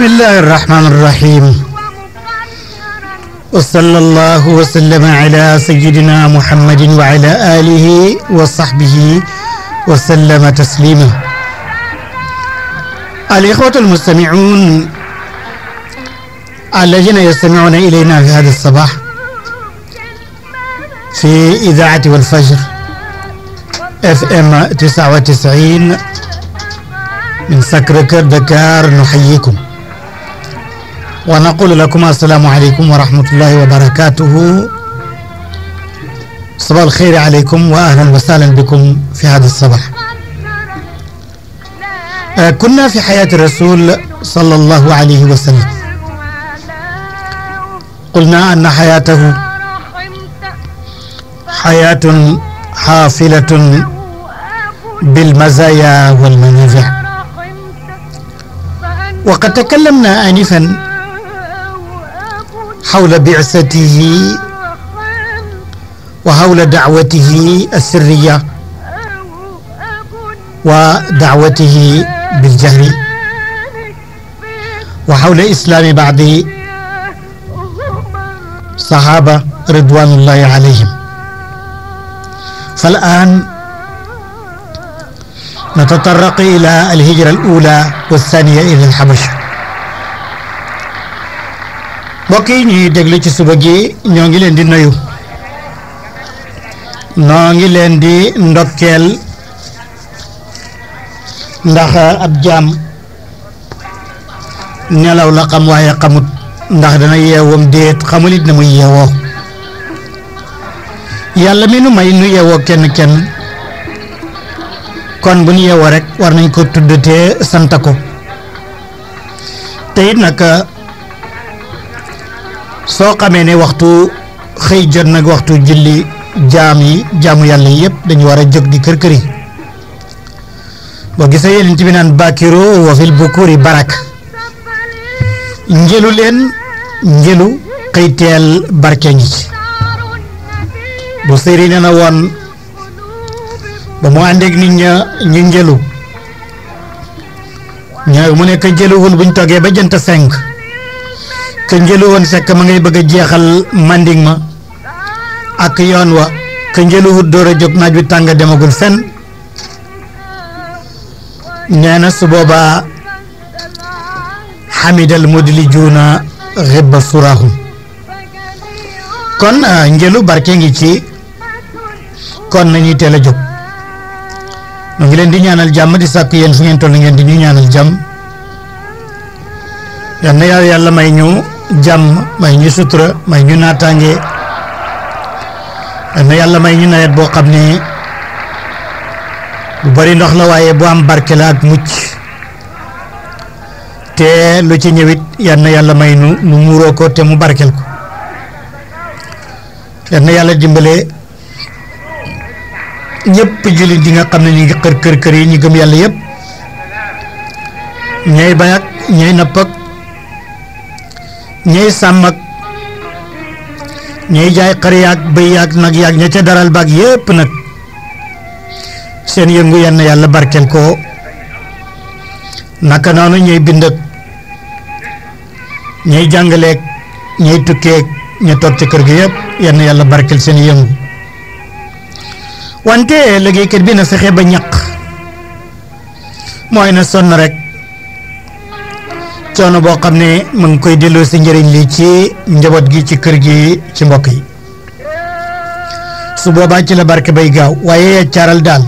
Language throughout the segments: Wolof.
bismillahi irrahmani irrahim wa sallallahu wa sallama ala sayidina muhammadin wa ala alihi wa sahbihi wa sallama taslima alixwatu almustamiun alladina yastamiuna ilayna fi hada alsabax fi idaati walfajr fm 99 من سكركر دكار نحييكم wa naqulu lakum assalaamu aleykum wa rahmatullahi wa barakatuhu sabah alxeyri aleykum wa ahlan wa sahlan bikum fi hada sabah كنا في حياة الرسول صلى الله عليه وسلم قلنا أن حياته حياة حافلة بالمزايا والمنافع وقد تكلمنا آنفا xawla bi'satihi wa xawla da'watihi as-sirriya wa da'watihi bil-jahri wa xawla islaami ba'di saxaaba ridwaanullahi alayhim فالآن نتطرق إلى الهجرة الأولى والثانية إلى الحبشة mbokk yi ñuy déglu ci suba gi ñoo ngi leen di nuyu noo ngi leen di ndokkeel ndax ab jàmm nelaw la xam waaye xamut ndax dana yeewam déet xamul it na muy yeewoo yàlla mi nu may nu yeewoo kenn kenn kon bu nu yeewoo rek war nañ ko tudd te sant ko te it soo xamee ne waxtu xëy jot nag waxtu julli jaam yi jaamu yàlla yi yëpp dañu war a jóg di kër kër yi boo gisee yonent bi naan bakiro wa fil bukuri barak njëlu leen njëlu xëy teel barke yi ci bu sëri ne na woon ba mu àndeeg nit ña ñu njëlu ñooy mu nekk njëluwul buñ toggee ba jënt cinq ka njëlu woon sekk ma ngay bëgg a jeexal manding ma ak yoon wa ka njëluwut door a jóg naaj wi tàng demagul fenn nee na su boobaa xamidal mudli juuna xibba suraaxum kon ah, njëlu barke ngi ci kon nañuy teel a jóg mu ngi leen di ñaanal jàmm di sàkk yéen fu ngeen toll ngeen di ñu ñaanal jàmm yal na yàlla may ñu jàmm may ñu sutura may ñu naataange na yàlla may ñu nawet boo xam ne bu bari ndox la waaye bu am barke ak mucc te lu ci ñëwit yal na yàlla may nu nu muuroo ko te mu barkel ko yal na yàlla dimbale ñëpp jullit yi nga xam ne ñu ngi kër kër yi ñu gëm yàlla yëpp ñay bay ñay napp ñay sàmm ak ñay jaay xar yaag bëy yaag nag yaag ña ca daral baag yépp nag seen yëngu yenn yàlla barkel ko naka noonu ñuy bind ak ñay ñuy ñay tukkeeg ña toog ci kër gi yépp yenn yàlla barkel seen yëngu wante liggéeykat bi na fexe ba ñaq mooy na sonn rek coono boo xam ne mu ngi koy delloo si njariñ li ci njaboot gi ci kër gi ci mbokk yi su boobaa ci la barke bay gaaw waaye ya caaral daal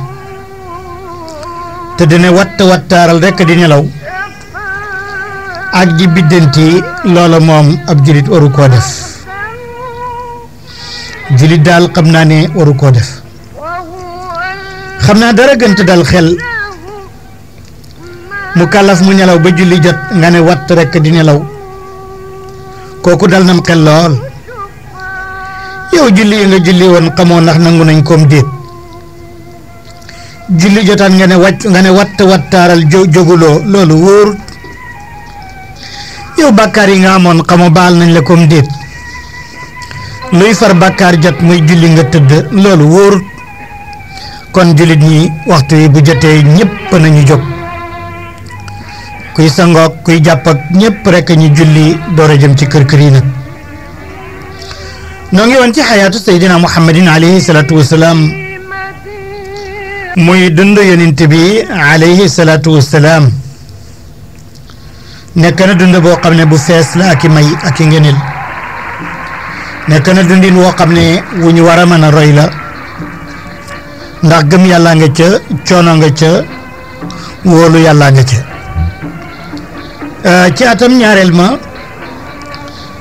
te dina watt wattaaral rekk di nelaw ak di biddanti loola moom ab jullit waru koo def jullit daal xam naa ne waru koo def xam naa dara gënt dal xel mu kàllaf mu nelaw ba julli jot nga ne watt rekk di nelaw kooku dal nam xel lool yow julli yi nga julli woon xamoo ndax nangu nañ koom déet julli jotaan nga ne wàcc nga ne watt wattaaral jo jóguloo loolu wóorut yow bàkkaar yi nga amoon xamoo baal nañ la koom déet luy far bàkkaar jot muy julli nga tëdd loolu wóorut kon jullit ñi waxtu yi bu jotee ñépp nañu jóg kuy sangoog kuy jàpp ak ñëpp rek ñu julli door jëm ci kër kër yi nag noo ngi woon ci xayaatu saydina muhammadin alayhi salaatu wasalaam muy dund yonent bi alayhi salaatu wasalaam nekk na dund boo xam ne bu fees la ak i may ak i ngëneel nekk na dundin woo xam ne wu ñu war a mën a roy la ndax gëm yàllaa nga ca coono nga ca wóolu yàllaa nga ca Euh, ci atam ñaareel ma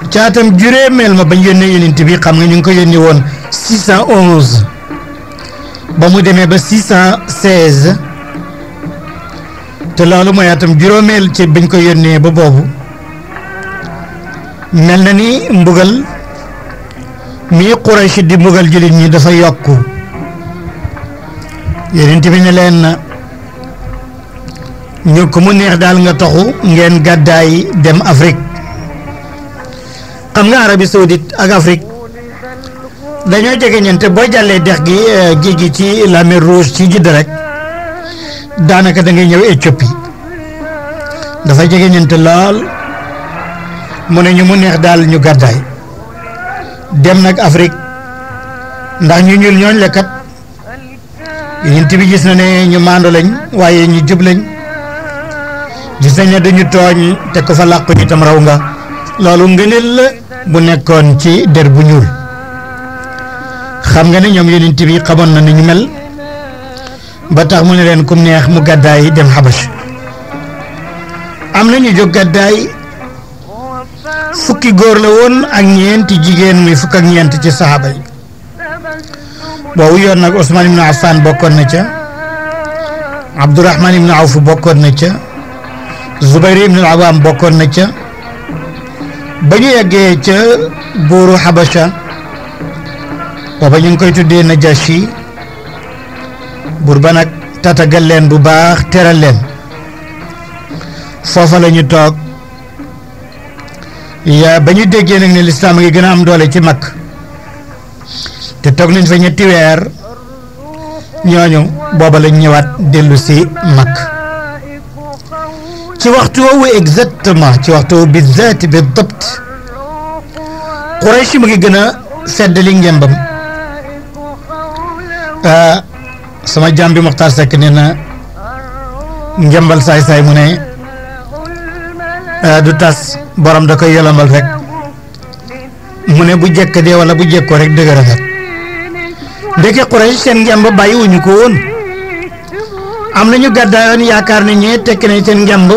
ci atam juróomeel ma bañ yónnee yónent bi xam nga ñu ngi ko yónni woon 611 ba mu demee ba 616 te loolu mooy atam juróomeel ci bañ ko yónnee ba boobu mel na ni mbugal mii Quraysh di mbugal jullit ñi dafa yokku yónent bi ne leen na ñu ku mu neex daal nga taxu ngeen gàddaay dem Afrique xam nga Arabie Saoudite ak Afrique dañoo jege ñeente boo jàllee dex gi euh, géej gi ci la mer ci Jidda daanaka da ñëw Éthiopie dafa jege ñeente lool mu ne ñu mu neex daal ñu gàddaay dem nag Afrique ndax ñu ñuul ñooñ lekkat yéen bi gis na ne ñu maandu lañ waaye ñu jub di sañ duñu tooñ te ko fa làqu tam raw nga loolu ngëneel la bu nekkoon ci der bu ñuul xam nga ne ñoom yonent bi xamoon na ni ñu mel ba tax mu ne leen kum neex mu gàddaay dem xabas am na ñu jóg gàddaay fukki góor la woon ak ñeenti jigéen muy fukk ak ñeent ci saxaaba yi boobu yoon nag Ousmane ibnu Affan bokkoon na ca Abdourahman ibnu Awf bokkoon na ca Zubayr ibn al-Awaam bokkoon na ca ba ñu yeggee ca buuru Habasha booba ñu ngi koy tuddee Najashi buur ba nag tatagal leen bu baax teral leen foofa la ñu toog yaa ba ñu déggee nag ne lislaam a ngi gën a am doole ci mag te toog nañ fa ñetti weer ñooñu booba lañ ñëwaat dellu si mag ci waxtu woowu exactement ci waxtu woowu bi zaati bi dabt Quraysh mu ngi gën a seddali ngembam sama jàmm bi Moxtaar Sekk nee na ngembal saay-saay mu ne eh, du tas borom da koy yolomal rek mu ne bu jekk dee wala bu jekkoo rek dëgg rafet ndeke Quraysh seen ngemb bàyyiwuñu ko woon am nañu gàddaayoon yaakaar ne ñee tekki nañ seen ngemb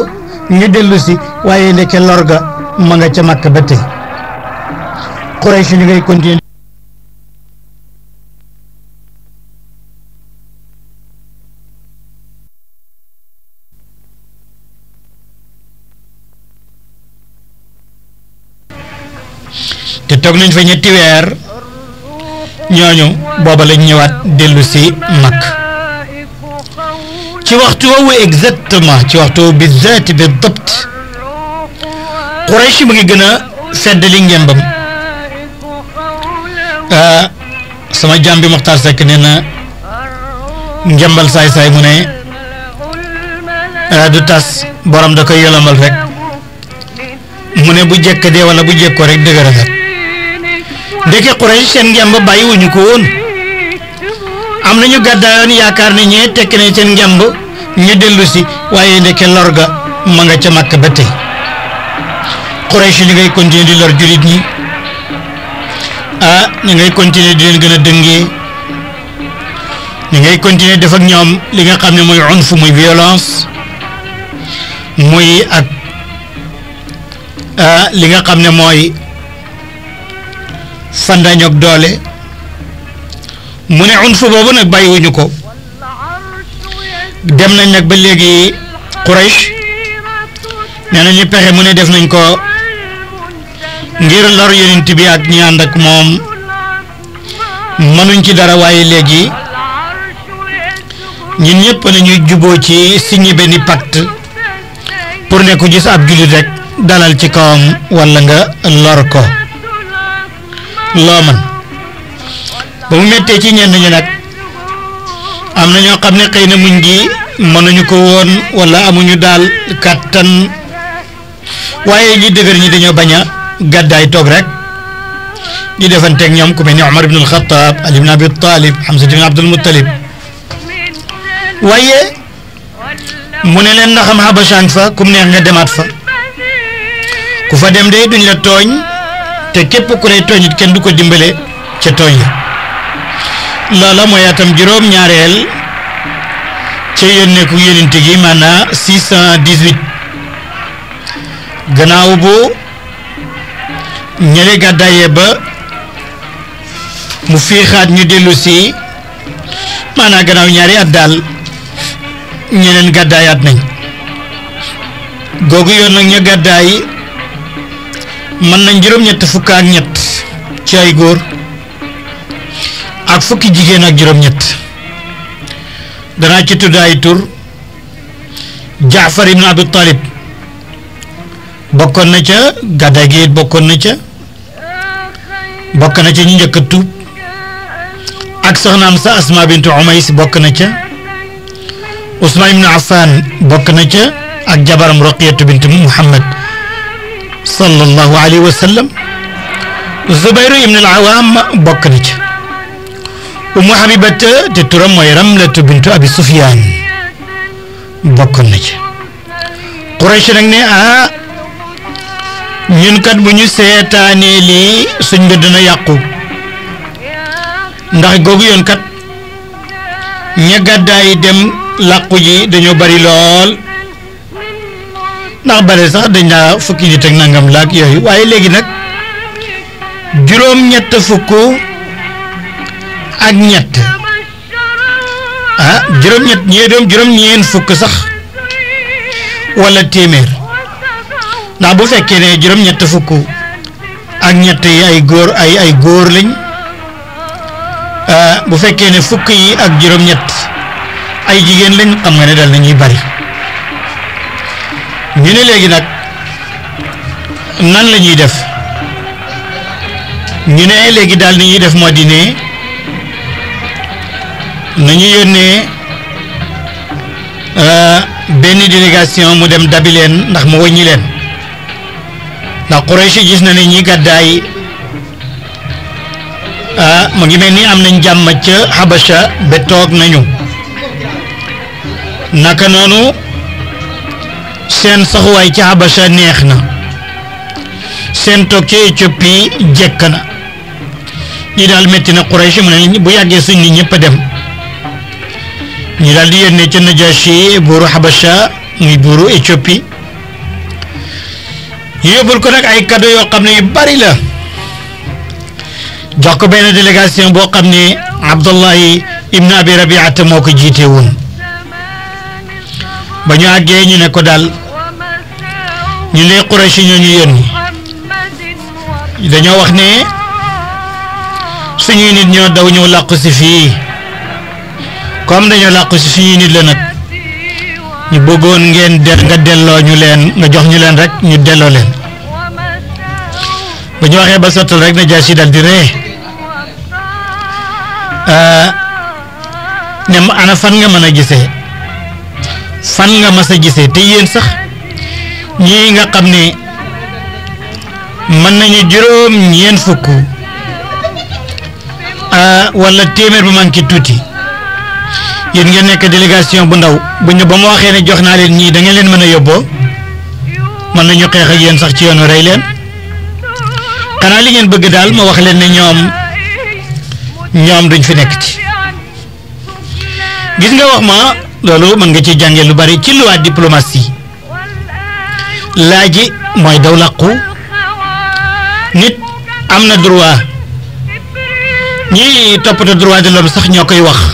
ñu dellu si waaye ndeke lor ga ma nga ca màkk ba tey Quraysh ñu ngay te toog nañ fa ñetti weer ñooñu booba lañ ñëwaat dellusi si ci waxtu woowu exactement ci waxtu woowu bi zaati bi dabt Quraysh mu ngi gën a sedd li ngembam euh, sama jàmm bi Moxtaar Seck nee na ngembal saay-saay mu ne euh, du tas borom da koy yolomal rek mu ne bu jekk dee wala bu jekkoo rek dëgëra nga ndeke Quraysh seen ngemb bàyyiwuñu ko woon am nañu gàddaayoon yaakaar ne ñee tekki nañ seen ngemb ñu dellu si waaye ndeke lor ga ma nga ca màkk ba tey Quraysh ñu ngay continuer di lor julit ñi ah ñu ngay continuer di leen gën a dëngee ngay continuer def ak ñoom li nga xam ne mooy unf muy violence muy ak li nga xam ne mooy fandañoog doole mu ne unf boobu nag bàyyiwuñu ko dem nañ nag ba léegi Quraysh nee nañu pexe mu ne def nañ ko ngir lor yonent bi ak ñi ak moom mënuñ ci dara waaye léegi ñun ñëpp nañuy juboo ci signé benn pacte pour ne ku gis ab jullit rek dalal ci kawam walla nga lor ko loo man ba mu méttee ci ñenn ñi nag am na ñoo xam ne xëy na muñ gi mënuñu ko woon wala amuñu daal kàttan waaye ñi dëgër ñi dañoo bañ a gàddaay toog rek di defanteeg ñoom ku mel ni Omar ibn al-Khattab Ali ibn Abi Talib Hamza ibn Abdul Muttalib waaye mu ne leen ndaxam Habashaan fa kum neex nga demaat fa ku fa dem de duñ la tooñ te képp ku lay tooñ it kenn du ko dimbale ca tooñ ya loola mooy atam juróom-ñaareel ca yónneeku yónent gi maanaam 618 gannaaw bu ñële gàddaayee ba mu fiixaat ñu dellusi si maanaam gannaaw ñaari at daal ñeneen gàddaayaat nañ googu yoon nag ña gàddaay mën nañ juróom-ñett fukk ñett ci ay góor ak fukki jigéen ak juróom-ñett danaa ci tudd ay tur jaafar ibn abi bokkoon na ca gàddaay gi bokkoon na ca bokk na ca ñu njëkk a ak soxnaam sa asma bintu umays bokk na ca usman ibn affan bokk na ca ak jabaram roqiyatu bintu muhammad sallallahu alayhi wa sallam zubayru ibn al awam ca Ummu Habibata te turam mooy Ramlatu bintu Abi Sufyaan bokkoon na ci nag ne ah ñun kat bu ñu seetaanee lii suñ mbir yàqu ndax googu yoon kat ña gàddaay dem làqu ji dañoo bari lool ndax bare sax dañ laa fukki nit ak nangam laak yooyu waaye léegi nag juróom-ñett fukk. ak ñett ah juróom-ñett ñee juróom-ñeen fukk sax wala téeméer ndax bu fekkee ne juróom-ñett fukk ak ñett yi ay góor ay góor lañ ah, bu fekkee ne fukk yi ak juróom-ñett ay jigéen lañ xam nga ne dal nañuy bari ñu ne léegi nag nan la ñuy def ñu ne léegi daal ni ñuy def moo di ne nañu yónnee euh, benn délégation mu dem dabi leen ndax mu wëññi leen ndax Quraysh gis na ne ñi gàddaay ah mu ngi mel ni am nañ jàmm ca Habasha ba toog nañu naka noonu seen saxuwaay ci Habasha neex na seen toog ci Éthiopie jekk na ñi daal métti na Quraysh mu ne bu yàggee suñ nit ñëpp a dem. ñu daal di yónnee ca Najashi buuru Habasha muy buuru Éthiopie ñu yóbbul ko nag ay cadeau yoo xam ne bari la jox ko benn délégation boo xam ne Abdullahi Ibn Abi Rabiata moo ko jiite woon ba ñu àggee ñu ne ko daal ñu lay Quraysh ñoo ñu yónni dañoo wax ne suñuy nit ñoo daw ñëw làqu si fii. comme dañu làqu si suñuy nit la nag ñu bëggoon ngeen del nga delloo ñu leen nga jox ñu leen rek ñu delloo leen bu ñu waxee ba sottal rek na jaasi dal di ree euh, ne ma ana fan nga mën a gisee fan nga mas a gisee te yéen sax ñii nga xam ne mën nañu juróom ñeent fukk euh, wala téeméer bu manqué tuuti yéen ngeen nekk délégation bu ndaw bu ñu ba mu waxee ne jox naa leen ñii da ngeen leen mën a yóbboo mën nañu xeex ak sax ci yoonu rey leen xanaa li ngeen bëgg daal ma wax leen ne ñoom ñoom duñ fi nekk ci gis nga wax ma loolu mën nga ci jànge lu bari ci luwaat diplomatie laaji mooy daw làqu nit am na droit ñi toppatoo droit de l'homme sax ñoo koy wax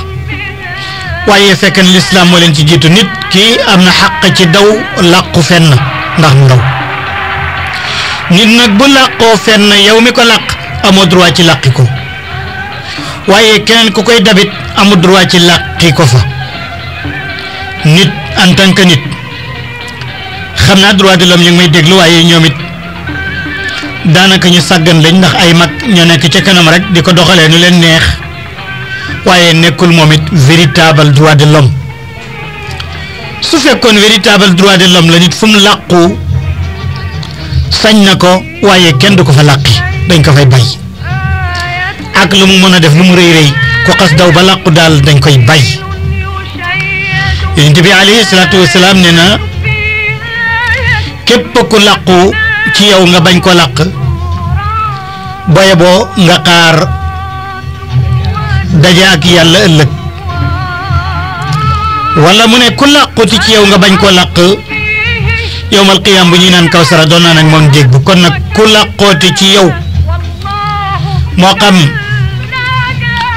waaye fekk lislaam moo leen ci jiitu nit kii am na xàq ci daw làqu fenn ndax mu ndaw nit nag bu làqoo fenn yow mi ko làq amoo droit ci làqi ko waaye keneen ku koy dabit amul droit ci làqi ko fa nit en tant que nit xam naa droit de l'homme ñu ngi may déglu waaye ñoom it daanaka ñu sàggan lañ ndax ay mag ñoo nekk ca kanam rek di ko doxalee nu leen neex waaye nekkul moom it véritable droit de l'homme su fekkoon véritable droit de l'homme la nit fu mu làqu sañ na ko waaye kenn du ko fa làqi dañ ko fay bay ak lu mu mën a def lu mu rëy rëy ku xas daw ba làqu daal dañ koy bay yonent bi alayhi salaatu wasalaam nee na képp ku làqu ci yow nga bañ ko làq boye boo nga xaar daje ak yàlla ëllëg wala mu ne ku làquti ci yow nga bañ koo làq yowmal qiyaam bu ñuy naan kaw sara doon naa nag moom dégg kon nag ku làqooti ci yow moo xam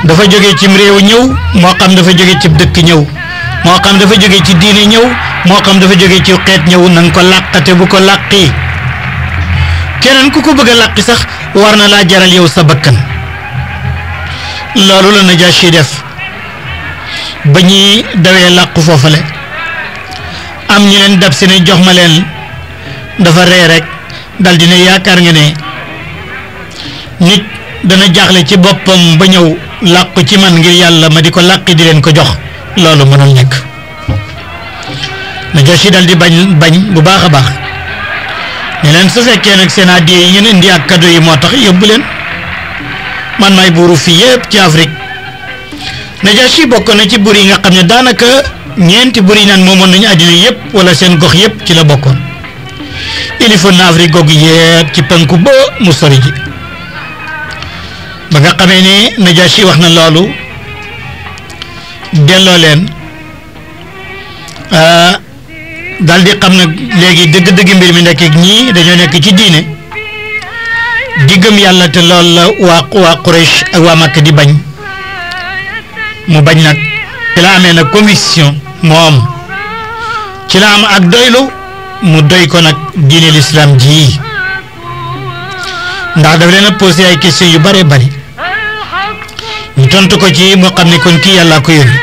dafa jóge cim réew ñëw moo xam dafa jóge ci dëkk ñëw moo xam dafa jóge ci diine ñëw moo xam dafa jóge ci xeet ñëw na nga ko làqate bu ko làqi keneen ku ko bëgg a làqi sax war na laa jaral yow sa bakkan loolu la Najaasi def ba ñuy dawee làqu foofale am ñu leen dab si ne jox ma leen dafa ree rekk dal di ne yaakaar nga ne nit dana jaaxle ci boppam ba ñëw làqu ci man ngir yàlla ma di ko làqi di leen ko jox loolu mënul nekk Najaasi dal di bañ bañ bu baax a baax ne leen su fekkee nag seen addiya yi ngeen indi ak cadeau yi moo tax yóbbu leen man may buuru fii yëpp ci Afrique Najaasi bokkoon na ci buur yi nga xam ne daanaka ñeenti buur yi naan moomoon nañu àddina yëpp wala seen gox yëpp ci la bokkoon ilifoon na Afrique googu yëpp ci penku ba mu sori ji ba nga xamee ne Najaasi wax na loolu delloo leen ah, daal di xam ne léegi dëgg-dëgg mbir mi nekk ak ñii dañoo nekk ci diine di gëm yàlla te lool la waa waa Quraysh ak waa Makka di bañ mu bañ nag ci la amee nag conviction moom ci la am ak doylu mu doy ko nag diine lislaam ji ndax daf leen a posé ay question yu bare bari ñu tontu ko ci moo xam ne kon kii yàlla ko yónni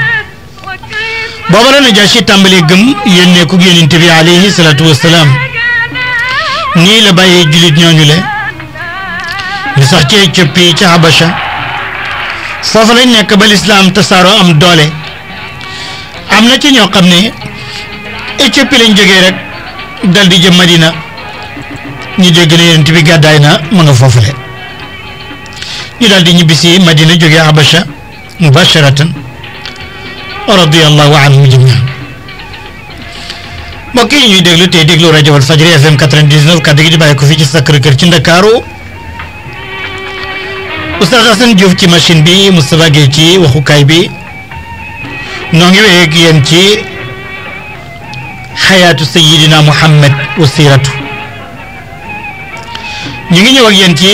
booba la Najaasi tàmbalee gëm yónnee ku yónnent bi alayhi salaatu wassalaam nii la bàyyee jullit ñooñu le ñu sax ci Éthiopie yi ca Abacha foofu lañ nekk ba lislaam tasaaroo am doole am na ci ñoo xam ne Éthiopie lañ jógee rek dal di jëm Madina ñu dégg ne yonent bi gàddaay na ma nga foofule ñu daal di ñibbisi Madina jógee Abacha mubasharatan radiyallahu anhum jamiian mbokk yi ñuy déglu tey déglu rajo Walfadjri FM 99 kàddu gi di bàyyi ko fii ci Sacré-Cœur ci Ndakaaru Oustaz Assane Diouf ci machine bi Moustapha Gueye ci waxukaay bi noo ngi wéy ak ci xayaatu sayidina Muhammad wa siiratu ñu ngi ñëw ak ci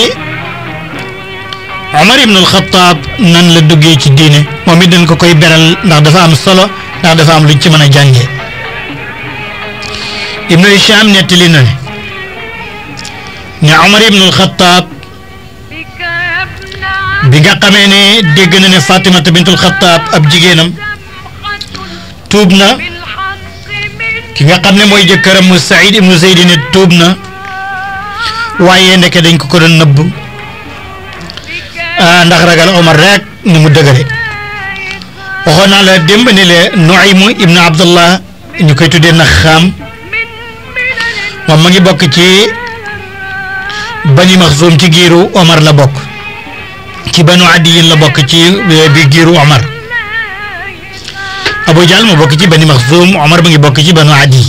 Omar ibn al-Khattab nan la duggee ci diine moom it dañ ko koy beral ndax dafa am solo ndax dafa am luñ ci mën a jàngee Ibnu Hisham nettali na ne ne Omar ibn al-Khattab bi nga xamee ne dégg na ne Fatimata bintul Xattaab ab jigéenam tuub na ki nga xam ne mooy jëkkëram mu Saïd ibnu Zeydi ne tuub na waaye ndeke dañ ko ko doon nëbb ah, ndax ragal Omar rek ni mu dëgëre waxoon naa la démb ne le ibnu Abdullah ñu koy tuddee na xaam moom ma ngi bokk ci Bani Maxsum ci giiru Omar la bokk ci banu adiyin la bokk ci eh, bi giiru Omar Abu Jahl mu bokk ci bani Maxsum mu ngi bokk ci banu adi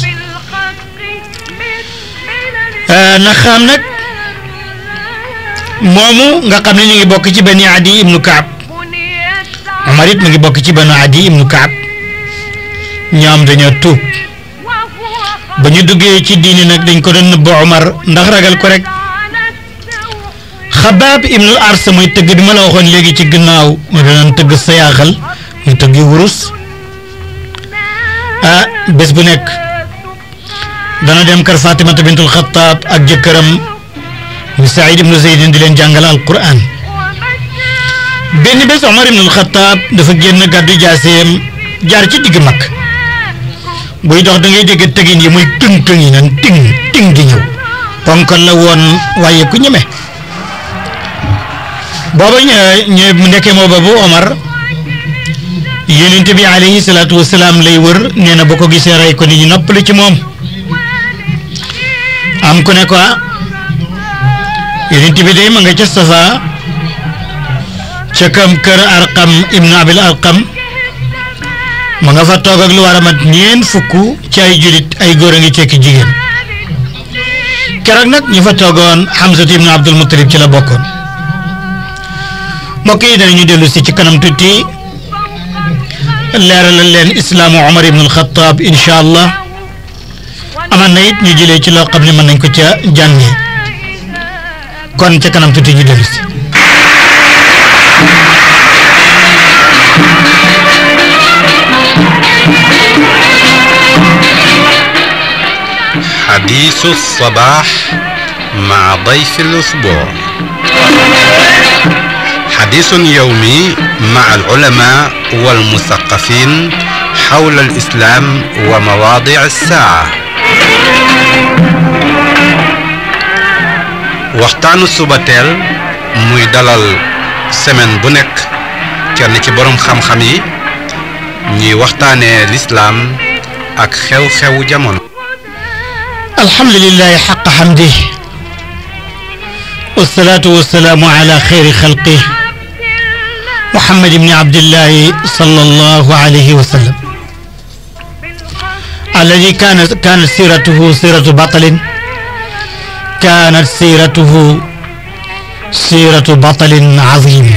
eh, Naxaam nag moomu nga xam ne ñu ngi bokk ci bani adi ibnu mu ngi bokk ci banu adi ibnu Kaab ñoom dañoo tuub ba ñu duggee ci diini nag dañ ko doon nëbbu Omar ndax ragal ko rek. xabaab ibnul ars mooy tëgg bi ma la waxoon léegi ci ginnaaw ma daan tëgg sayaaxal muy tëgg yu wurus ah bés bu nekk dana dem kër Fatimata bintul Xattaab ak jëkkëram muy Saïd ibnu Zeydin di leen jàngal alquran benn bés Omar ibnul Xattaab dafa génn gàddu jaaseem jaar ci digg mag buy dox dangay ngay dégg tëgin yi muy tëng tëng yi nan ting ting di ñëw ponkal la woon waaye ku ñeme. booba ñooy mu ndekkee moo ba bu Omar yonent bi alayhi salaatu lay wër nee na ba ko gisee rey ko ni ñu noppalu ci moom am ku ne ko bi day ma nga ca Safa ca kam kër Arqam ibnu Abil Arqam ma nga fa toog ak lu war a mat fukk ci ay julit ay góor a ngi cekki jigéen keroog nag ñu fa toogoon Hamzatu ibnu Abdul Muttalib ci la bokkoon mbokk yi danañu dellu si ci kanam tuuti leeralal leen islaamu Omar ibn al-Khattab incha allah amaan na it ñu jëlee ci loo xam ne mën nañ ko ca jànge kon ca kanam tuuti ñu dellu si. xadiisu sabaax maa dayfi xadiisun yawmi ma'a al-ulamaa wal-musaqqafiin xawla al-islaam wa mawaadi'i as-saa'a. waxtaanu suba teel muy dalal semaine bu nekk kenn ci boroom xam-xam yi ñuy waxtaanee lislaam ak xew-xewu jamono. alhamdulilah xaqa xamdi. wasalaatu wasalaamu ala xayri xalqi. Muhammad ibn Abdillahi sallallahu alayhi wa sallam alladi kaanat kaanat siiratuhu siiratu batalin kaanat siiratuhu siiratu batalin aziim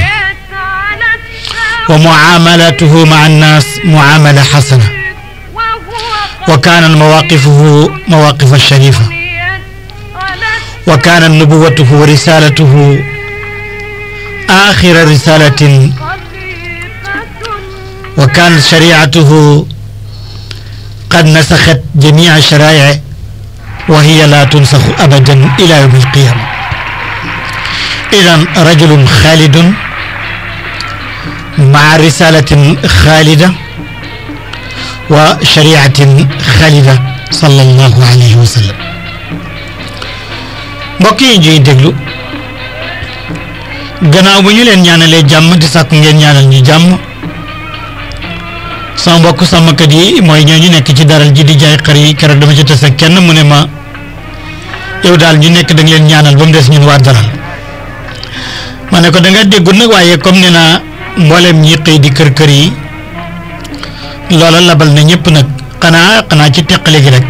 wa mucaamalatuhu maca annaas mucaamala xasana wa kaanat mawaaqifuhu mawaaqifan shariifa wa kaanat nubuwatuhu wa risaalatuhu aaxira risaalatin wa kaan shariatuhu qad nasaxat jamia sharaaic wa hiya laa tunsaxu abadan ila yowm alqiyama idan rajulun xaalidun maa risalatin xaalida wa shariatin xaalida sallallahu alayhi wa sallam mbokk yi ñuy déglu gannaaw bu ñu leen ñaanalee jàmm di sàkku ngeen ñaanal ñu jàmm sama mbokk sàmmkat yi mooy ñoo ñu nekk ci daral ji di jaay xar yi keroog dama ci tase kenn mu ne ma yow daal ñu nekk da nga leen ñaanal ba mu des ñun waa daral ma ne ko danga nga déggul nag waaye comme ne naa mbooleem ñi xëy di kër kër yi loola labal na ñëpp nag xanaa xanaa ci teqale gi rek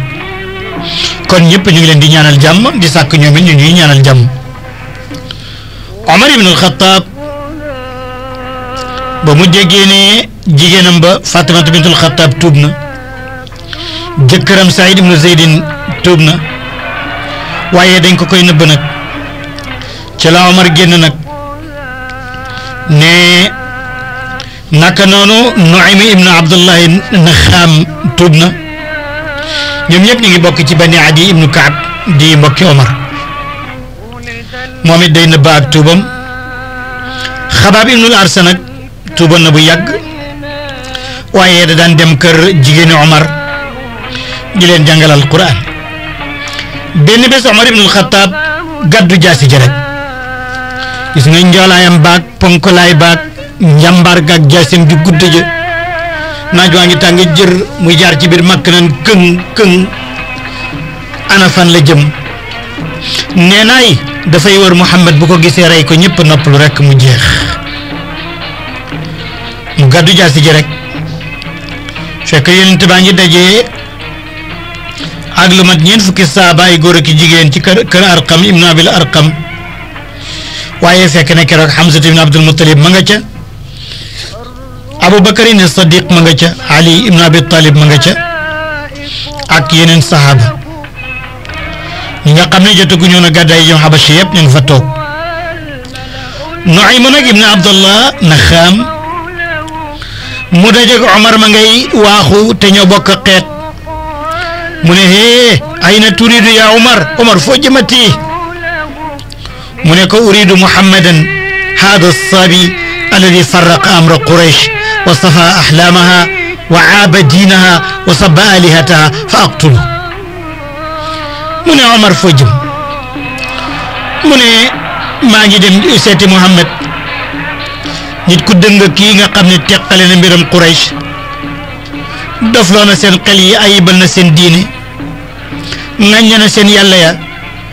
kon ñëpp ñu ngi leen di ñaanal jàmm di sàkk ñoom it ñu ñuy ñaanal jàmm Omar ibn al ba mu déggee ne jigéenam ba Fatimata bintul Xattaab tuub na jëkkëram Saïd ibnu Zeydin tuub na waaye dañ ko koy nëbb nag ca la Omar génn nag ne naka noonu Nuaymi ibnu Abdullahi Naxaam tuub na ñoom ñëpp ñu ngi bokk ci bani Adi ibnu Kaab di mbokki Omar moom it day nëbb tuubam Xabaab ibnul Arsa nag tuuban na bu yàgg waaye da daan dem kër jigéeni Omar di leen jàngalal Qur'an benn bés Omar ibnul Xataab gàddu jaasi ji rek gis nga njoolaayam baag ponkolaay baag njàmbaar gaag jaasim ju gudd ja naaj waa ngi jër muy jaar ci biir màkk nan këng këng ana la jëm nee naay dafay wër Muhammad bu ko gisee rey ko ñépp noppalu rekk mu jeex mu gàddu jaasi ji rek. fekk yonent baa ngi dajee ak lu mat ñeent fukki saaba ay góor ki jigéen ci kër kër Arqam ibnu Abil Arqam waaye fekk na keroog Hamzatu ibnu Abdul Muttalib ma nga ca Aboubacar ibnu Sadiq ma nga ca Ali ibnu Abi Talib ma nga ca ak yeneen saxaaba ñi nga xam ne jotaguñu woon a gàddaay jëm Xabashi yëpp ñu ngi fa toog Nuaymu nag ibnu Abdallah Naxaam mu dajeeg Omar ma ngay waaxu te ñoo bokk xeet mu ne hee ayna turidu yaa Omar Omar foo jëmati mu ne ko uridu muhammadan hada saabi alladi farraqa amra quraysh wa safa ahlaamaha wa aaba diinaha wa sabba alihataha fa aqtulu mu ne Omar foo jëm mu ne maa ngi dem seeti Muhammad nit ku dëng kii nga xam ne teqale na mbiram Quraysh dofloo na seen xel yi ayibal na seen diini ŋàññe na seen yàlla ya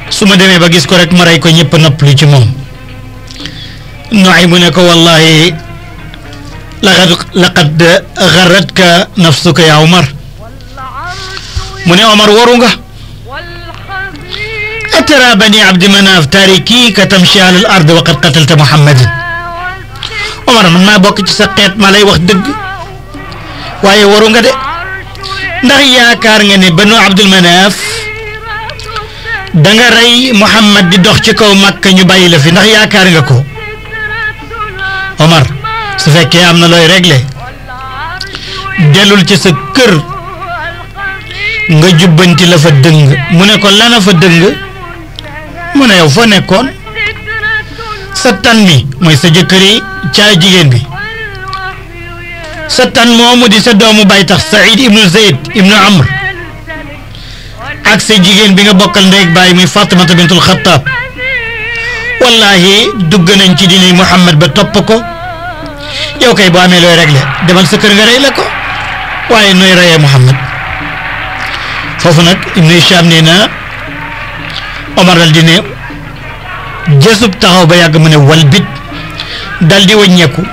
su ma demee ba gis ko rek ma rey ko ñëpp nopplu ci moom Nuaymu ne ko wallahi laqad laqad garratka nafsuka yaa Omar mu ne Omar waru nga atara bani abdi manaaf taarikika tamshi ala al ard wa qad qatalta muhammadan Omar man maa bokk ci sa xeet ma lay wax dëgg waaye waru nga de ndax yaakaar nga ne banu Abdul Manaaf da nga rey Muhammad di dox ci kaw Makka ñu bàyyi la fi ndax yaakaar nga ko Omar su fekkee am na looy réglé dellul ci sa kër nga jubbanti la fa dëng mu ne ko lana fa dëng mu ne yow foo nekkoon. sa tan mi mooy sa jëkkëri caay jigéen bi sa tan moomu di sa doomu bay tax Saïd ibnu Zayd ibnu Amr ak sa jigéen bi nga bokkal ndey ak baay muy Fatimata bintul Xattaab wallaahi dugg nañ ci dini Muhammad ba topp ko yow kay boo amee looy réglé demal sa kër nga rey la nooy reyee Muhammad foofu nag Ibnu Hishaam nee na Omar dal di jësub taxaw ba yàgg ma ne walbit dal di wàññeeku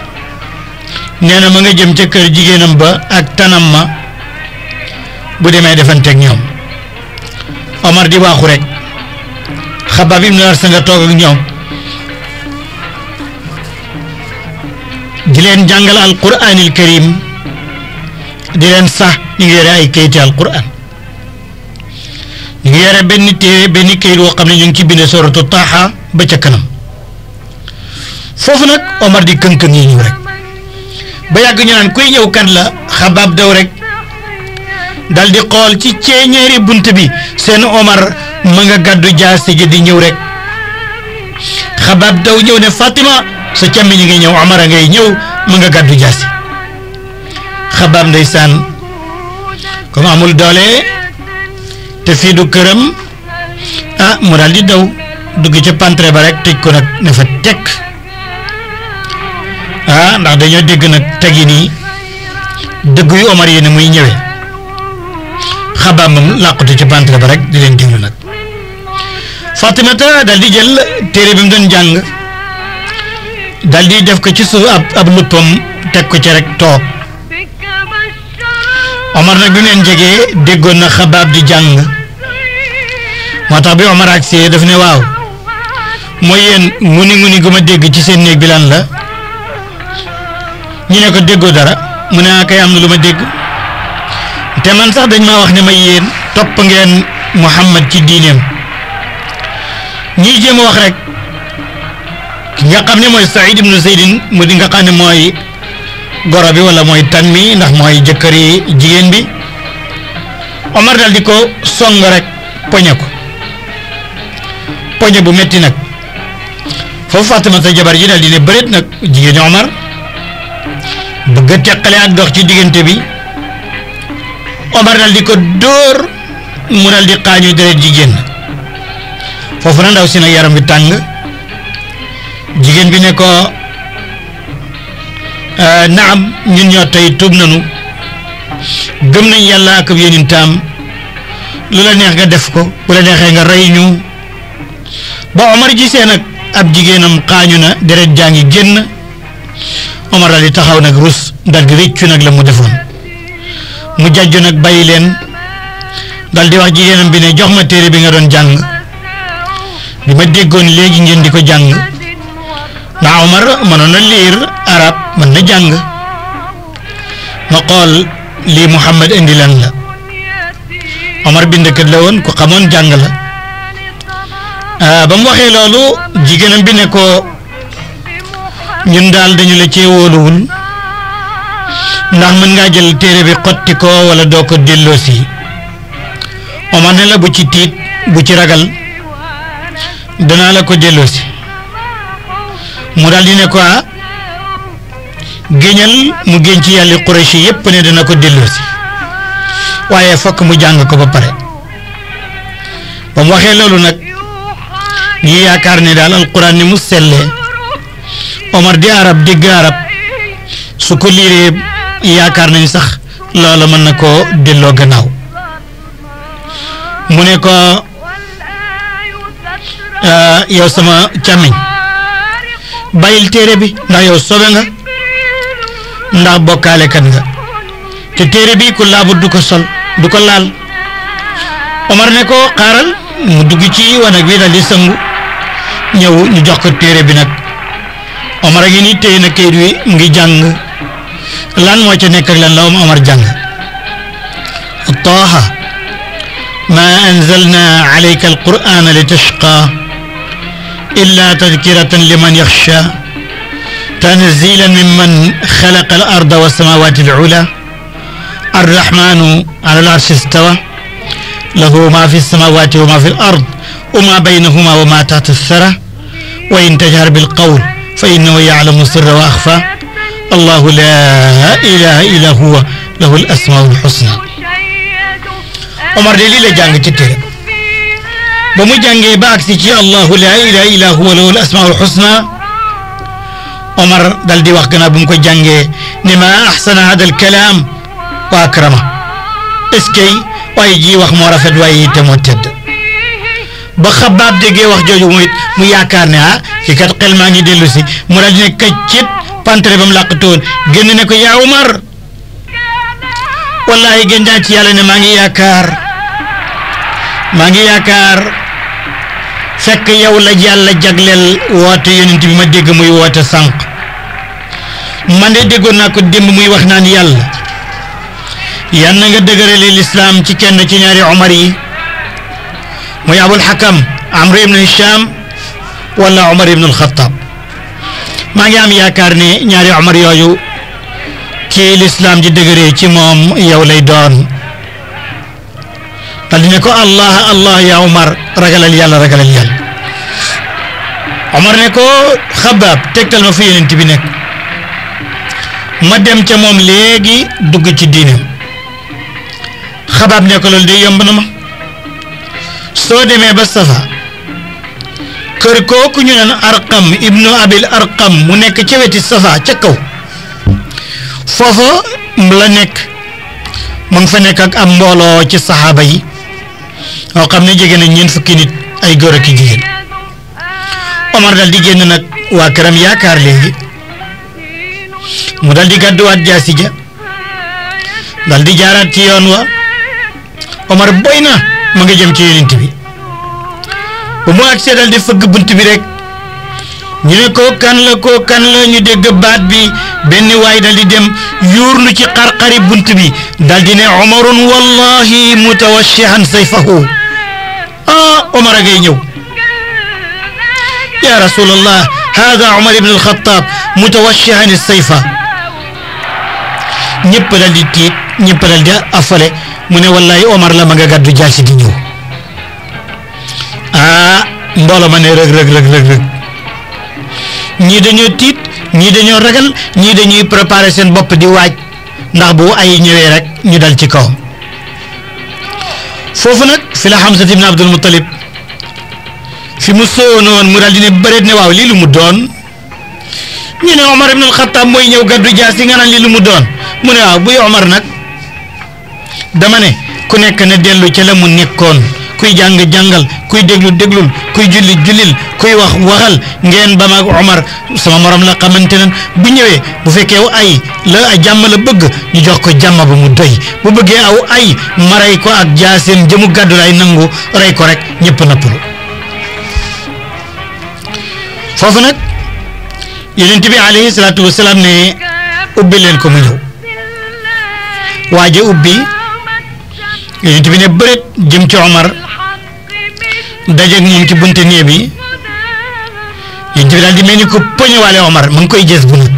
nee na ma nga jëm ca kër jigéenam ba ak tanam ma bu demee defanteeg ñoom Omar di waaxu rek xabaab ibnu Arsa nga toog ak ñoom di leen jàngal alquraanil karim di leen sax ñu ngi yore ay kayiti alquraan ñu ngi yore benn téere benn kayit woo xam ne ñu ngi ci bind soratu Taaha ba kanam foofu nag Omar di kënkën yi ñëw rek ba yàgg ñu naan kuy ñëw kan la xabaab daw rekk daldi xool ci ceeñeeri bunt bi seen Omar ma nga gàddu jaasi ji di ñëw rekk xabaab daw ñëw ne Fatima sa càmmiñ ngi ñëw Omar a ngay ñëw ma nga gàddu jaasi xabaab ndeysaan comme amul doole te fii du këram ah mu daal di dugg ca pantre ba rek tëj ko nag ne fa teg ah ndax dañoo dégg nag teg yi nii dëgg yu Omar yi ne muy ñëwee xabaar moom làqatu ca pantre ba rek di leen déglu nag Fatimata daal di jël téere bi mu doon jàng daal di def ko ci suuf ab ab luppam teg ko ci rek toog Omar nag bi mu leen jegee déggoon na xabaab di jàng moo tax bi Omar ak see ne waaw. mooy yéen mu ni gu ma dégg ci seen néeg bi lan la ñu ne ko déggoo dara mu ne ah kay am na lu ma dégg te man sax dañ ma wax ne ma yéen topp ngeen Muhammad ci diineem ñu jéem a wax rek nga xam ne mooy Saïd ibnu Zaydin mu di nga xam ne mooy goro bi wala mooy tan mi ndax mooy jëkkëri jigéen bi Omar dal ko song rek poñe ko poñe bu metti nag foofu Faatimata jabar ji daal di ne bëreet nag jigéen Omar bëgg a teqale ak dox ci diggante bi Omar daal di ko dóor mu daal di xaañu deret jigéen foofu na ndaw si nag yaram bi tàng jigéen bi ne ko euh, naam ñun ñoo tey tuub nañu gëm nañ yàlla ak yeneen taam lu la neex nga def ko bu la neexee nga rey ñu ba Omar gisee nag. ab jigéenam xaañu na deret jaa ngi génn Omar daal taxaw nag rus dal di rëccu nag la mu defoon mu jàjju nag bàyyi leen dal di wax jigéenam bi ne jox ma téere bi nga doon jàng bi ma déggoon léegi ngeen di ko jàng ndax Omar mënoon na liir arab mën na jàng ma xool lii Muhammad indi lan la Omar bindkat la woon ku xamoon jàng la. Euh, ba mu waxee loolu jigéenam bi ne ko ñun daal dañu la cee wóoluwul ndax mën ngaa jël téere bi xotti ko wala doo ko delloosi Omar ne la bu ci tiit bu ci ragal danaa la ko delloosi mu daal di ne ko ah, géñal mu géñ ci yàlla Qurayshi yépp ne dana ko delloosi waaye fokk mu jàng ko ba pare ba mu waxee loolu nag. ñi yaakaar ne daal alquran ni mu sellee Omar di arab dégg arab su ko liiree yaakaar nañ sax loola mën na koo delloo gannaaw mu ne ko ah, yow sama càmmiñ bàyyil téere bi ndax yow sobe nga ndax bokkaale kat nga te téere bi ku laabut du ko sol du ko laal Omar ne ko xaaral mu dugg ci wanag wi daal di sangu ñëw ñu jox ko téere bi nag Omar a ngi nii téye na kayit wi mu ngi jàng lan moo ca nekk ak lan la om Omar jàng taaha ma anzalna alayka alqur'ana li tashqa illa tadkiratan liman yaxsha tanzilan mimman xalaqa al arda wassamawati al ula arrahmanu ala al arshi istawa lahu ma fi alsamawati wa ma fi al ard wa ma baynahuma wa ma tahta althara wa in tajhar bil qawl fa innahu ya'lamu sirra wa akhfa allahu la ilaha illa huwa lahu al asmaul husna Omar de lii la jàng ci téere ba mu jàngee ba agsi ci allahu la ilaha illa huwa lahu al asmaul husna Omar dal di wax gannaaw bu mu ko jàngee ne ma ahsana hada al kalaam wa akrama est-ce que waaye ji wax moo rafet waaye itam moo tedd ba xabaab déggee wax jooju mu it mu yaakaar ne ah ki kat xel maa ngi dellu si mu daal di ne këccit pantere ba mu làqatoon génn ne ko yaa Umar wallahi gën naa ci yàlla ne maa ngi yaakaar maa ngi yaakaar fekk yow la yàlla jagleel woote yonent bi ma dégg muy woote sànq man de déggoon naa ko démb muy wax naan yàlla yan na nga dëgërale lislaam ci kenn ci ñaari Umar yi muy abul xakam amru ibnu hisham wala omar ibnu alxataab maa ngi am yaakaar ne ñaari omar yooyu ci lislaam ji dëgëree ci moom yow lay doon dal dine ko allah allah ya omar ragalal yàlla ragalal yàlla omar ne ko xabaab tegtal ma fi yonent bi nekk ma dem ca moom léegi dugg ci diine xabaab ne ko loolu de yomb na ma soo demee ba safa kër kooku ñu naan arqam ibnu abil arqam mu nekk ca weti safa ca kaw foofa la nekk mu ngi fa nekk am mbooloo ci saxaaba yi moo xam ne jege na ñeent fukki nit ay góor ak i Omar dal génn nag waa këram yaakaar léegi mu daldi di gàdduwaat jaasi ja jaaraat ci yoon wa Omar boy na mu ngi jëm ci yonent bi bu mu agsee dal di fëgg bunt bi rek ñu ne koo kan la koo kan la ñu dégg baat bi benn waay dal di dem yuurlu ci xarxari bunt bi dal di ne omarun wallahi mutawashihan sayfahu ah omar a ñëw ya rasulallah hada omar ibn alxataab mutawashihan sayfa ñëpp dal tiit ñëpp dal di afale mu ne wallahi omar la ma nga gàddu jaasi ñëw mbooloo ma ne rëg rëg rëg rëg ñii dañoo tiit ñii dañoo ragal ñii dañuy préparer seen bopp di waaj ndax bu ay ñëwee rek ñu dal ci kaw foofu nag fi la Hamza ibn mu talib fi mu soowoon woon mu daal di ne bëreet ne waaw lii lu mu doon ñu ne Omar ibn al mooy ñëw gaddu jaas yi nga naan lii lu mu doon mu ne waaw buy Omar nag dama ne ku nekk na dellu ca la mu nekkoon. kuy jàng jàngal kuy déglu déglul kuy julli jullil kuy wax waxal ngeen ba maag Omar sama morom la xamante ne bu ñëwee bu fekkee aw ay la jàmm la bëgg ñu jox ko jàmm ba mu doy bu bëggee aw ay ma rey ko ak jaaseem jëmu gàddu lay nangu rey ko rek ñëpp nappalu foofu nag yonent bi alayhi salaatu wasalaam ne ubbi ko mu ñëw waaje ubbi yonent bi ne bërit jëm Omar dajeeg moom ci bunte néeg bi yéen bi daal di mel ni ko poñewaale Omar mu ngi koy jës bu nut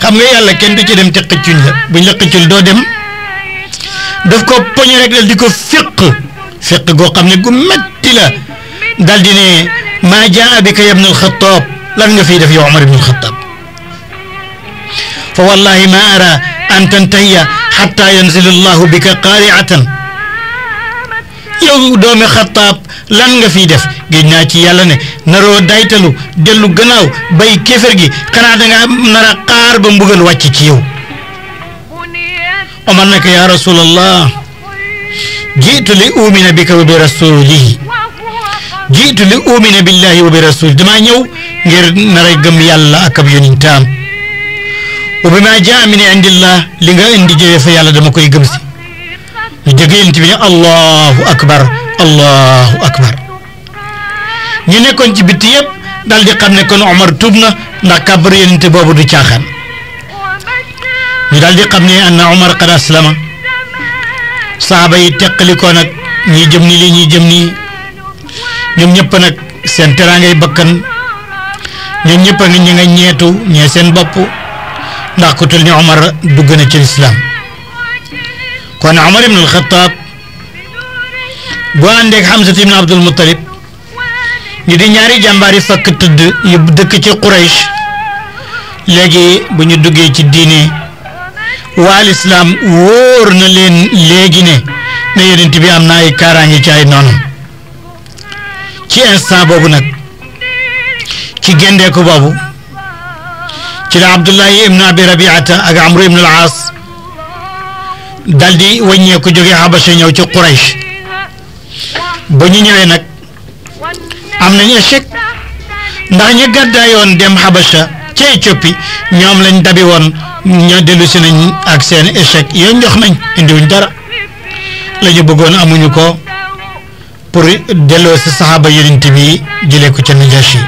xam nga yàlla kenn du ci dem te xëccuñ la buñ la xëccul doo dem daf ko poñe rek dal di ko fiq fiq goo xam ne gu metti la dal di ne maa jaa bika ya ibnul xataab lan nga fiy def yow Omar ibnul xataab fa wallahi ma ara an tantahiya xatta yanzil allahu bika qaariatan yow doomi xattaab lan nga fiy def géej naa ci yàlla ne naroo daytalu dellu gannaaw bay kéefër gi kanaa danga nar a ba mbugal wàcc ci yow omar naka yaa rasulallah jiitu li uumina bika wa bi rasulihi jiitu li uumina billahi wa bi rasulihi damaa ñëw ngir nar a gëm yàlla ak ab yonentaam wa bi ma jaa min li nga indi jëlee fa yàlla dama koy gëm si ñu dégg yonent bi ne allahu akbar allahu akbar ñu nekkoon ci bitti yëpp daal di xam ne kon Omar tuub na ndax kàbbar yonent boobu du caaxaan ñu daal di xam ne a Omar qad aslama saaba yi teqalikoo nag ñii jëm ni lii ñii jëm nii ñoom ñëpp nag seen teraangay bakkan ñoom ñëpp a ngi ñu nga ñeetu ñee seen bopp ndax ku tul ni Omar dugg na ci lislaam kon Omar ibn al-Khattab boo àndeek Hamza ibn Abdul Muttalib ñu di ñaari jàmbaari fakk tëdd yu dëkk ci Quraysh léegi bu ñu duggee ci diine waa lislaam wóor na leen léegi ne ne yonent bi am na ay kaaraange ci ay noonu ci instant boobu nag ci gendeeku boobu ci la Abdullahi ibn Abi Rabiata ak Amru ibn al-As dal waññeeku wàññeeku jóge Habasha ñëw ci Quraysh ba ñu ñëwee nag am nañ échec ndax ñu gàddaayoon dem Habasha ci Éthiopie ñoom lañ dabi woon ñoo dellusi si nañ ak seen échec yooyu jox nañ indiwuñ dara la bëggoon amuñu ko pour delloo si saxaaba yonent bi jëlee ko ca Najashi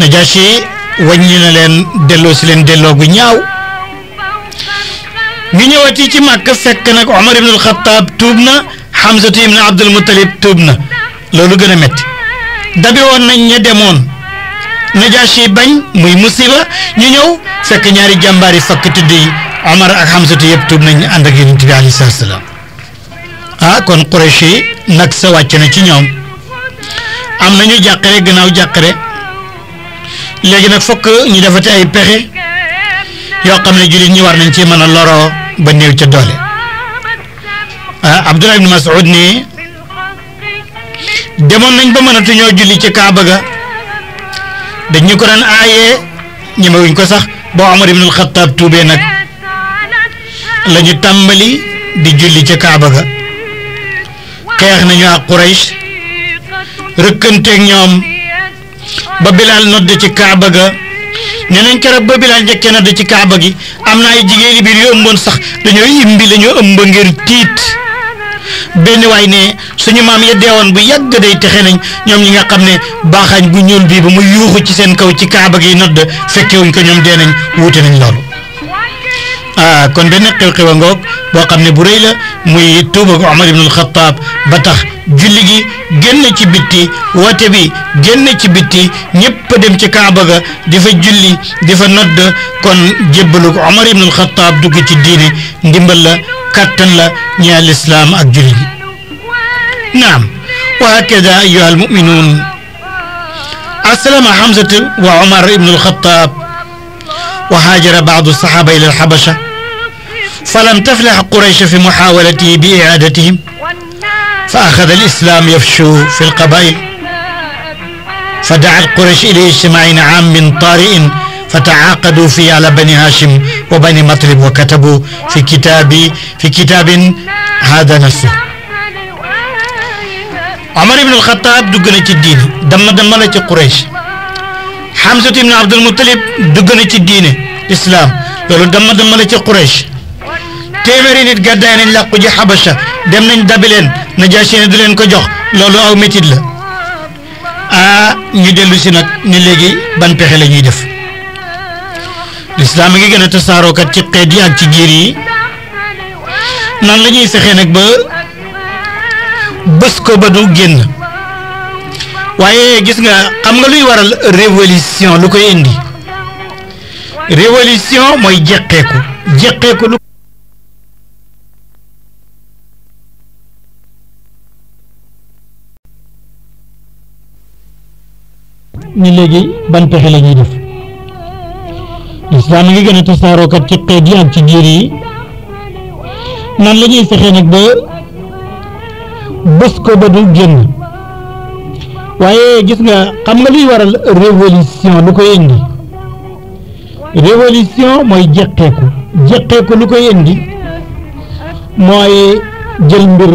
Najashi wàññi na leen delloo si leen delloo gu ñaaw. ñu bi ñëwati ci Màkka fekk nag Omar ibn al-Khattab tuub na Hamzatu ibn Abdul Muttalib tuub na loolu gën a metti dabi woon nañ ña demoon Najaashi bañ muy musiba ñu ñëw fekk ñaari jàmbaar yi fakk tëdd yi Omar ak Hamzatu yëpp tuub nañ ànd ak Yonent bi alayhi salaam ah kon Quraysh nag sa wàcc na ci ñoom am nañu jàqre gannaaw jàqre léegi nag fokk ñu defati ay pexe. yoo xam ne jullit ñi war nañ ci mën a loro ba néew ca doole ah, Abdullah ibn Mas'ud nii demoon nañ ba mënatuñoo julli ci Kaaba ga dañ ñu ko daan aayee ñemewuñ ko sax boo Omar ibn al-Khattab nag lañu tàmbali di julli ca Kaaba ga xeex nañu ak Quraysh rëkkanteeg ñoom ba Bilaal nodd ci Kaaba ga ñeneen nañ ba bi Bilaal njëkkee na ci kaaba gi am na ay jigéen biir yu ëmboon sax dañoo imbi dañoo ëmb ngir tiit benn waay ne suñu maam ya woon bu yàgg day texe nañ ñoom ñi nga xam ne baaxaañ bu ñuul bii ba mu yuuxu ci seen kaw ci kaaba gi nodd fekkewuñ ko ñoom dee nañ wuute nañ loolu ah, kon benn xew-xew a ngoog boo xam ne bu rëy la muy tuuba Omar ibn al Xattaab ba tax julli gi génn ci bitti woote bi génn ci bitti ñëpp dem ci Kaaba ga di fa julli di fa nodd kon jébbalu ko Omar ibn al-Khattab dugg ci diine ndimbal la kattan la ñaa lislaam ak julli gi naam wa hakada ayuha almuminuun aslama Hamzatu wa Omar ibn al-Khattab wa haajara baadu saxaaba ila alxabasha falam taflax quraysh fi muxaawalatihi bi iaadatihim فأخذ الإسلام يفشو في القبائل فدعا القريش إلى اجتماع عام طارئ فتعاقدوا فيه على بني هاشم وبني مطلب وكتبوا في كتاب في كتاب هذا نفسه عمر بن الخطاب دقنا الدين دم دم لا قريش حمزة بن عبد المطلب دقنا الدين الإسلام لولو دم دم لا قريش téeméeri nit gàddaay nañ làqu ji xabasa dem nañ dabileen Najaasi ne du leen ko jox loolu aw métit la ah ñu dellusi nag ne léegi ban pexe la ñuy def lislaam ngi gën a tasaarookat ci xeet yi ak ci giir yi nan la ñuy fexee nag ba bës ko ba du génn waaye gis nga xam nga luy waral révolution lu koy indi révolution mooy jeqeeku jeqeeku lu ni léegi ban pexe la ñuy def lislaam ngi gën a tasaaroo kat ci xeet yi ak ci giir yi nan la ñuy fexee nag ba bés ko ba du génn waaye gis nga xam nga luy waral révolution lu koy indi révolution mooy jeqeeku jeqeeku lu koy indi mooy jël mbir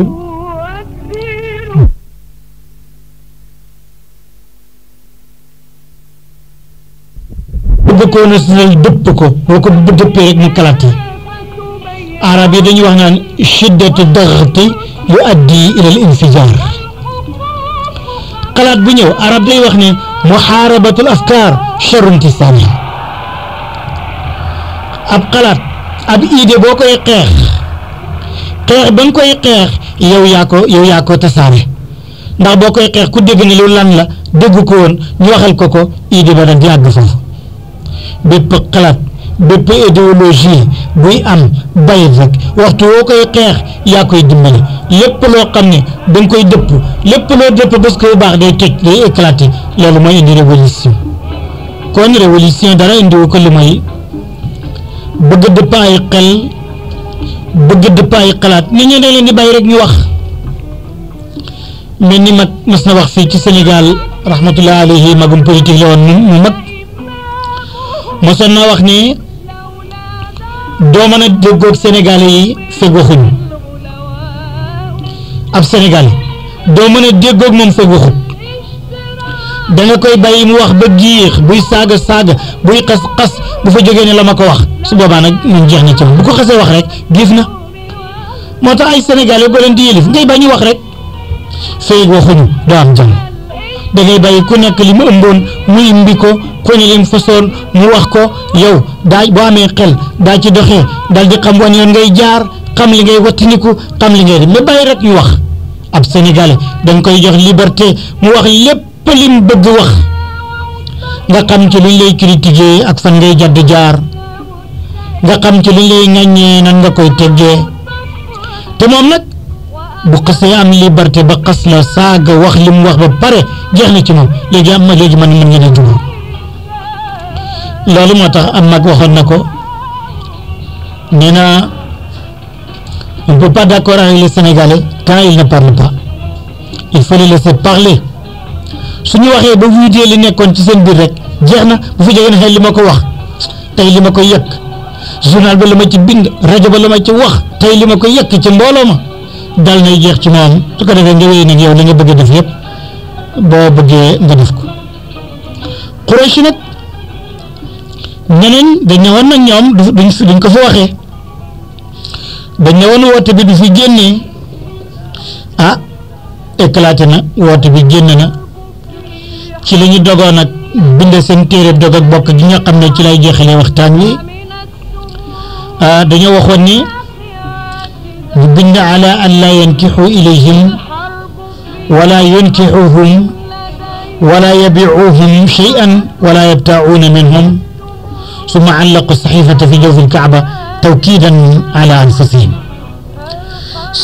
bëggoon a sunal dëpp ko boo ko dëppee rek mu kalaat arab yi dañuy wax naan shiddatu daghti yu addi ila al infijar xalaat bu ñëw arab day wax ne muxaarabatul afkaar charru intisaami ab xalaat ab idée boo koy xeex xeex ba koy xeex yow yaa ko yow yaa ko tasaare ndax boo koy xeex ku dégg ne lu lan la dégg ko woon ñu waxal ko ko idée ba nag di àgg foofu bépp xalaat bépp idéologie buy am bayit rek waxtu woo koy xeex yaa koy dimbali lépp loo xam ne da koy dëpp lépp loo dëpp parce que baax day toj day éclaté loolu mooy indi révolution kon révolution dara indiwu ko lu may bëgg dëpp ay xel bëgg dëpp ay xalaat ni ñi dañ leen rek ñu wax mel ni mag mas na wax fii ci Sénégal rahmatullah alayhi magum politique la woon mu mag mosoon naa wax nii doo mën a déggoog sénégalais yi fekk waxuñu ab sénégalais doo mën a déggoog moom fekk waxut da koy bàyyi mu wax ba giix buy saaga saaga buy xas xas bu fa jógee ne la ma ko wax su boobaa nag ñun jeex na ci bu ko xasee wax rek giif na moo tax ay sénégalais boo leen di yëlif ngay bañ wax rek fekk waxuñu doo am jàmm da ngay bàyyi ku nekk li mu ëmboon mu imbi ko ku lim fasoon mu wax ko yow daa boo amee xel daa ci doxee dal xam wan yoon ngay jaar xam li ngay wattandiku xam li ngay def mais bàyyi rek ñu wax ab sénégalais danga koy jox liberté mu wax lépp lim bëgg wax nga xam ci luñ lay critiquer ak fan ngay jadd jaar nga xam ci luñ lay ŋàññee nan nga koy teggee te moom nag bu xasee am liberté ba xas la saaga wax li mu wax ba pare jeex na ci moom léegi am léegi man mën ngeen a jubóo loolu moo tax am mag waxoon na ko nee na on ne peut pas d'accord avec les Sénégalais quand ils ne parlent pas il faut les laisser parler su ñu waxee ba wuutee li nekkoon ci seen biir rek jeex na bu fi jógee xel li ma ko wax tey li ma ko yëkk journal ba la ma ci bind rajo ba la ma ci wax tey li ma ko yëkk ci mbooloo ma dal nay jeex ci moom su ko defee nga wéy nag yow li nga bëgg def yëpp boo bëggee nga def ko Quraysh nag ñeneen dañ ne woon nag ñoom duñ duñ ko fa waxee dañ ne woon woote bi du fi génnee ah éclaté na woote bi génn na ci la ñu dogoon ak binde seen téere dog ak bokk gi nga xam ne ci lay jeexalee waxtaan wi ah, dañoo waxoon nii ñu bind ala an laa yankixu ilayhim wala yunkixuhum wala yabicuhum cheyan wala yabtacuuna minhum summa allaqu saxifata fi jawfi lkaaba tawkidan ala anfusihim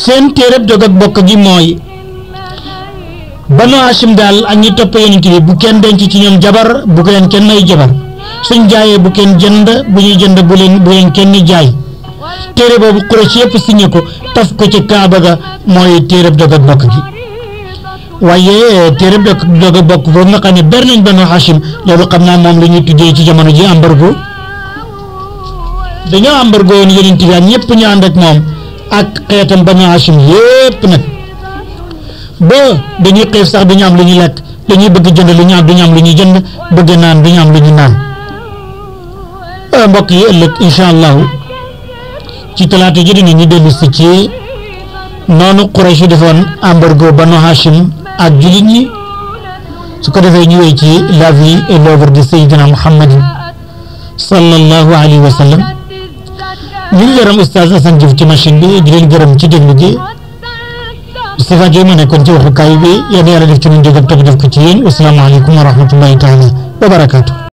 seen téereb dog ak bokk gi mooy banu Hachim daal ak ñi topp yonent bi bu kenn denc ci ñoom jabar bu leen kenn ay jabar suñ jaayee bu kenn jënd bu ñuy jënd bu leen bu leen kenn jaay téere boobu Quraysh yëpp signé ko taf ko ci Kaaba ga mooy téere dog ak bokk gi waaye téere dog ak bokk boobu nga xam ne ber nañ Banu Hashim loolu xam naa moom la ñuy tuddee ci jamono ji embargo dañoo embargo woon yeneen tibaan ñëpp ñu ànd ak moom ak xeetam Banu Hashim yëpp nag ba dañuy xiif sax duñu am lu ñuy lekk dañuy bëgg jënd lu ñu am lu ñuy jënd bëgg naan ñu am lu ñu naan mbokk yi ëllëg incha allahu ci talaata ji dina ñu dellu ci noonu Quraysh yi defoon embargo Banu Hashim ak jullit ñi su ko defee ñu wéy ci la vie et l'œuvre de Seydina Muhammad sallallahu alayhi wa sallam ñu ngi gërëm Oustaz Assane Diouf ci machine bi di leen gërëm ci déglu gi Stéphane Diop ma kon ci waxukaay bi yéen yàlla def ci ñun jóg ak toog def ko ci yéen wasalaamaaleykum wa rahmatullahi taala wa barakaatu